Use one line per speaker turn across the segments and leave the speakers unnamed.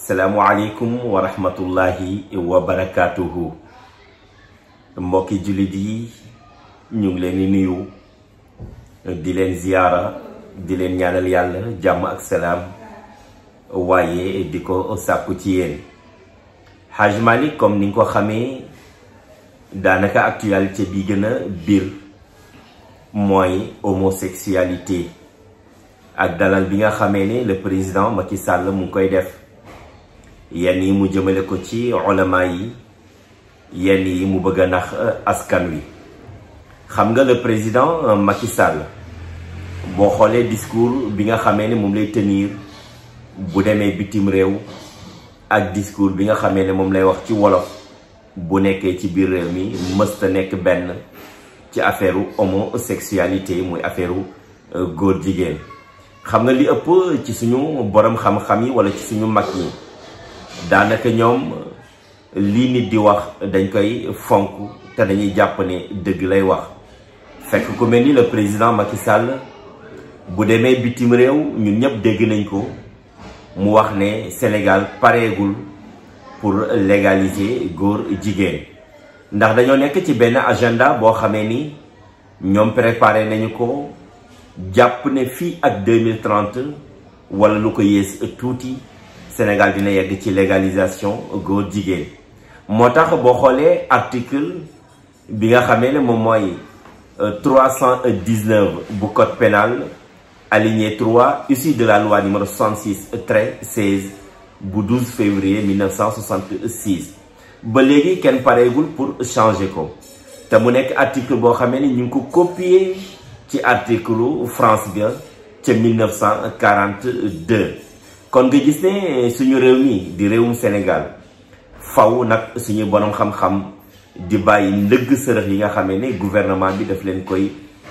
salaamualeykum wa rahmatullahi wa barakaatuhu mbokki jullit yi ñu ngi leen di nuyu di leen ziyaara di leen ñaanal yàlla jàmm ak salaam waaye di ko sàkku ci yéen Haj Malick comme ni nga ko xamee daanaka actualité bi gën a biir mooy homosexualité ak dalal bi nga xamee ne le président Macky Sall mu ngi koy def yenn yi mu jëmale ko ci ulama yi yenn yi mu bëgg a nax euh, askan wi xam nga le président euh, makisal boo xoolee discours bi nga xamee ne moom lay tenir bu demee bitim réew ak discours bi nga xamee ne moom lay wax ci wolof bu nekkee ci biir réew mi mësta nekk benn ci affaire homosexualité muy affaire euh, góor jigéen xam nga li ëpp ci suñu borom xam-xam yi wala ci suñu mag yi daanaka ñoom lii nit di wax dañ koy fonk te dañuy jàpp ne dëgg lay wax fekk ku mel ni le président Macky Sall bu demee bitim réew ñu ñëpp dégg nañ ko mu wax ne Sénégal pareegul pour légaliser góor jigéen ndax dañoo nekk ci benn agenda boo xamee ni ñoom préparé nañu ko jàpp ne fii ak 2030 wala lu ko yées tuuti Sénégal dina yegg ci légalisation góor jigéen moo tax boo xoolee article bi nga xamee ne moom mooy 319 euh, bu code pénal alinéa 3 issu de la loi numéro 66 trait 16 bu 12 février 1966 ba léegi kenn pareegul pour changer ko te mu nekk article boo xamee ni ñu ngi ko copier ci article France ga ca 1942 kon nga gis ne eh, suñu réew mi di réewum Sénégal faw nag suñu boroom xam-xam di bàyyi ndëgg sërëx yi nga xamee ne gouvernement bi daf leen koy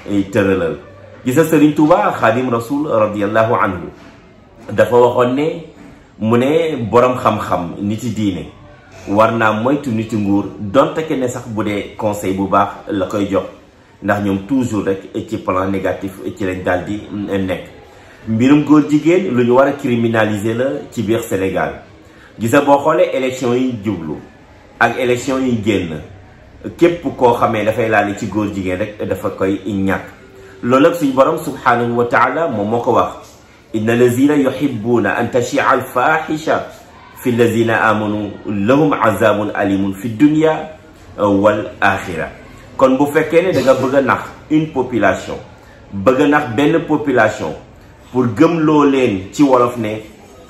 eh, tëralal gisa Sëriñ Tuuba Xaadim Rasul radiallahu anhu dafa waxoon ne mu ne boroom xam-xam nit yi diine war naa moytu niti nguur donte ke ne sax bu dee conseil bu baax la koy jox ndax ñoom toujours rek ci plan négatif ci lañ daal di mm, nekk mbirum góor jigéen lu ñu war a criminaliser la ci biir Sénégal gisa boo xoolee élection yi jublu ak élection yi génn képp koo xamee dafay laale ci góor jigéen rek dafa koy ñàkk loolu ak suñu borom subhanahu wa moom moo ko wax inna lazina yuhibbuna an tachia alfahisha fi lazina amanu lahum azabun alimun fi dunya wal kon bu fekkee ne da nga bëgg nax une population bëgg a nax benn population pour gëm loo leen ci wolof ne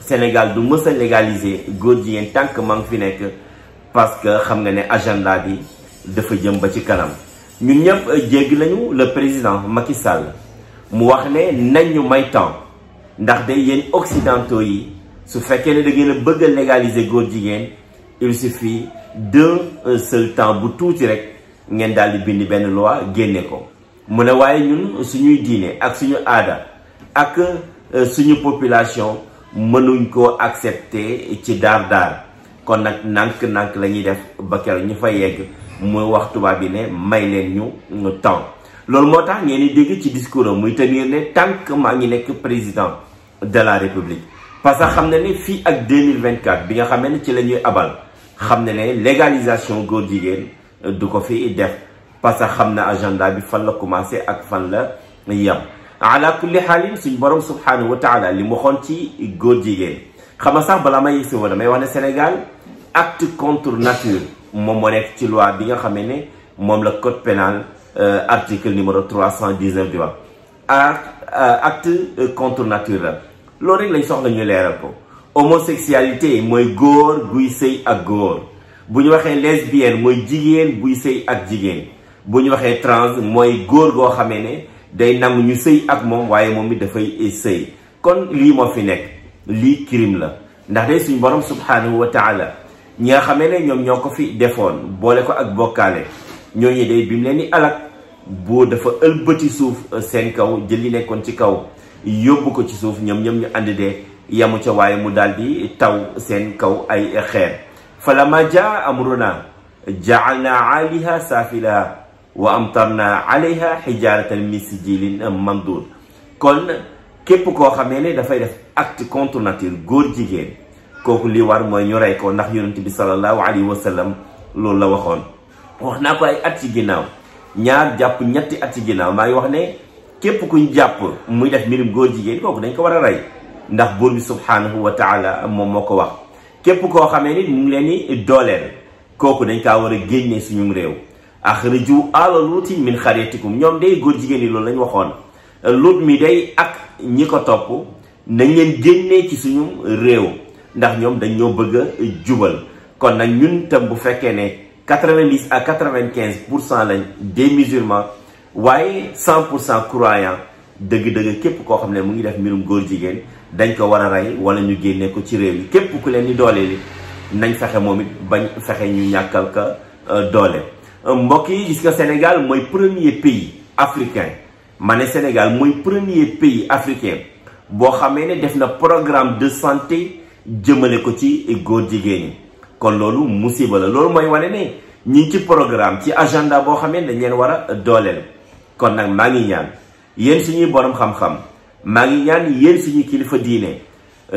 Sénégal du mës a légaliser góor jigéen tant que maa ngi fi nekk parce que xam nga ne agenda bi dafa jëm ba ci kanam ñu ñëpp jéggi nañu le président Macky Sall mu wax ne nañ ñu may temps ndax de yéen occidentaux yi su fekkee ne da ngeen a bëgg a góor jigéen il suffit d'un seul temps bu tuuti rek ngeen daal di bind benn loi génne ko mu ne waaye ñun ñuy diine ak suñu aada. ak euh, suñu population mënuñ koo accepter ci daar daar kon nag nànk-nànk la ñuy def ba keroog ñu fa yegg mu wax tubaab bi ne may leen ñu temps loolu moo tax ngeen di dégg ci discours am muy tenir ne tànk a ngi nekk président de la république parce que xam na ne fii ak 2024 bi nga xam ne ci la ñuy abal xam na ne légalisation góor jigéen euh, du ko fi def parce que xam na agenda bi fan la commencé ak fan la yem ala kulli xaalin suñ borom subhanahu wa taala li mu waxoon ci góor jigéen xam nga sax balaa ma yegsi woon damay wax ne Sénégal acte contre nature moom ci loi bi nga xamee ne moom la code pénal euh, article numéro 319 di wax euh, acte contre nature la loolu rek lañ soxla ñu leeral ko homosexualité mooy góor guy sëy ak góor bu ñu waxee lesbienne mooy jigéen buy sëy ak jigéen bu ñu waxee trans mooy góor goo xamee ne day nam ñu sëy ak moom waaye moom it dafay sëy kon lii moo fi nekk lii kirim la ndax day suñu borom subhanahu wa taala ñi nga xamee ne ñoom ñoo ko fi defoon boole ko ak bokkaale ñooñu day bi mu leen di boo dafa ëlbëti suuf euh, seen kaw jël li nekkoon ci kaw yóbbu ko ci suuf ñoom ñoom ñu ànd de yamu ca waaye mu daal di taw seen kaw ay xeer falamma jaa amruna ja'alna aliha saafilaha wa amtarna alayha xijaaratan min sijilin mandud kon képp koo xamee ne dafay def acte contre góor jigéen kooku li war mooy ñu rey ko ndax yonent bi sallallahu alayhi wa sallam loolu la waxoon wax naa ko ay at ci ginnaaw ñaar jàpp ñetti at ci ginnaaw maa ngi wax ne képp kuñ jàpp muy def mbirum góor jigéen kooku dañ ko war a rey ndax buur bi subhanahu wa moom moo ko wax képp koo xamee ni mu ngi leen dooleel kooku dañ kaa war a génne suñum réew axriju ala luuti min xaryatikum ñoom day góor jigéen yi loolu lañ waxoon luut mi day ak ñi ko topp nañ leen génnee ci suñu réew ndax ñoom dañ ñoo bëgg a jubal kon nag ñun tam bu fekkee ne quatre-vingt-dix à quatre pour cent lañ des musulmans waaye cent pour cent croyants dëgg-dëgg képp koo xam ne mu ngi def mbirum góor jigéen dañ ko war a rey wala ñu génnee ko ci réew yi képp ku leen di doole li nañ fexe moom it bañ fexe ñu ñàkkal ka euh, doole Euh, mbokk yi gis nga Sénégal mooy premier pays africain ma ne Sénégal mooy premier pays africain boo xamee ne def na programme de santé jëmale ko ci góor jigéen kon loolu musiba la loolu mooy wane ne ñi ngi ci programme ci agenda boo xamee dañ leen war a dooleel kon nag maa ngi ñaan yéen suñuy borom xam-xam maa ngi ñaan yéen suñuy kilifa diine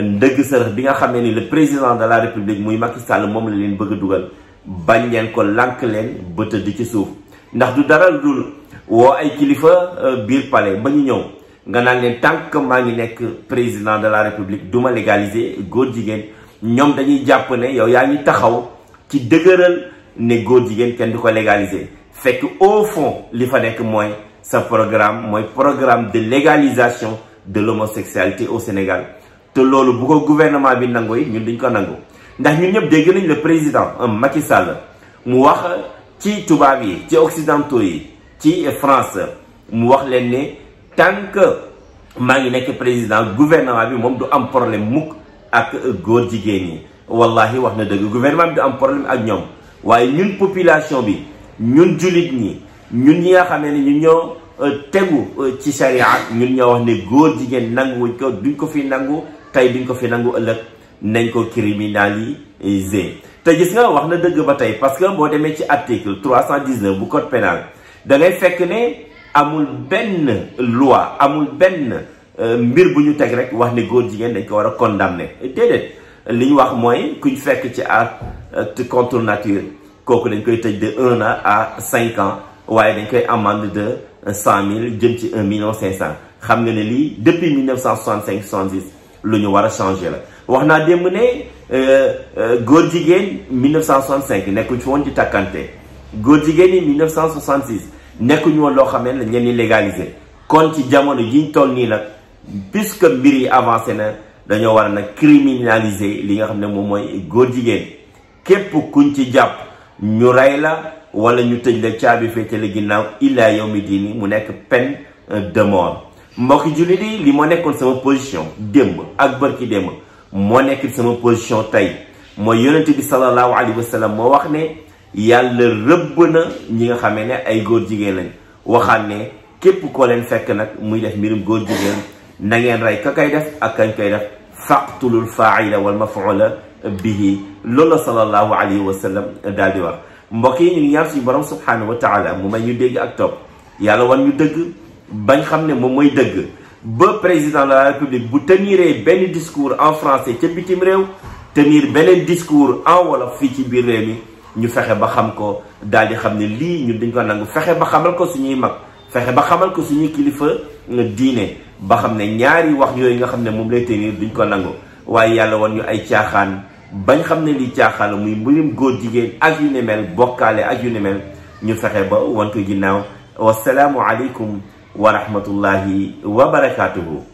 ndëgg sërëx bi nga xamee ni le président de la république muy Macky Sall moom la leen bëgg dugal bañ leen ko lànk leen ba tëdd ci suuf ndax du dara du woo ay kilifa euh, biir palais ba ñu ñëw nga naan leen tànk maa ngi nekk président de la république duma ma légaliser góor jigéen ñoom dañuy jàpp ne yow yaa ngi taxaw ci dëgëral ne góor jigéen kenn du ko légaliser fekk au fond li fa nekk mooy sa programme mooy programme de légalisation de l'homosexualité au Sénégal te loolu bu ko gouvernement bi nangu yi ñun duñ ko nangu ndax ñun ñëpp dégg nañ le président euh, Macky Sall mu wax ci tubaab yi ci occidentaux yi ci France mu wax leen ne tant maa ngi nekk président gouvernement bi moom du am problème mukk ak góor jigéen ñi wallahi wax na dëgg gouvernement bi du am problème ak ñoom waaye ñun population bi ñun jullit ñi ñun ñi nga xam ne ñun ñoo euh, tegu euh, ci charia ñun ñoo wax ne góor jigéen nanguwuñ ko duñ ko fi nangu tey duñ ko fi nangu ëllëg nañ ko criminaliser te gis nga wax na dëgg ba tey parce que boo demee ci article 319 bu code pénal da ngay fekk ne amul benn loi amul benn euh, mbir bu ñu teg rek wax ne góor jigéen dañ ko war a condamner déedéet li wax mooy kuñ fekk ci acte contre nature kooku dañ koy tëj de un an à cinq ans waaye dañ koy amende de cent mille jëm ci un million cinq cent xam nga ne lii depuis 1965 70 lu ñu war a changé la wax naa démb ne euh, euh, góor jigéen 1965 nekkuñ fi woon ci takkante góor jigéen yi 1966 nekkuñu woon loo xam ne dañ leen di légaliser kon ci jamono jiñ toll nii nag puisque mbir yi avancé na dañoo war a nag criminaliser li nga xam ne moom mooy góor jigéen képp kuñ ci jàpp ñu rey la wala ñu tëj la caabi féete la ginnaaw illa yow mi diini mu nekk peine de mort mbokki jullit yi li moo nekkoon sama position démb ak bërki démb moo nekk sama position tey mooy yonent bi sallallahu alayhi wa sallam moo wax ne yàlla rëbb na ñi nga xamee ne ay góor jigéen lañ waxaan ne képp koo leen fekk nag muy def mbirum góor jigéen na ngeen rey ka kay def ak kañ koy def faqtulul faaila wal mafuula bihi loolu sallallahu alayhi wa sallam daal di wax mbokk yi ñu ngi ñaan suñu borom subhanahu wa mu may ñu dégg ak topp yàlla wan ñu dëgg bañ xam ne moom mooy dëgg ba président la république bu teniree benn discours en français ca bitim réew tenir beneen discours en wolof fii ci biir réew mi ñu fexe ba xam ko daal di xam ne lii ñun duñ ko nangu fexe ba xamal ko suñuy mag fexe ba xamal ko suñuy kilifa euh, diine ba xam ne ñaari wax yooyu nga xam ne moom lay tenir duñ ko nangu waaye yàlla wan ñu ay caaxaan bañ xam ne lii caaxaan la muy mbirum góor jigéen ak yu ni mel bokkaale ak yu ni mel ñu fexe ba wan ko ginnaaw wasalaamu wa rahmatullahi wa barakaatuhu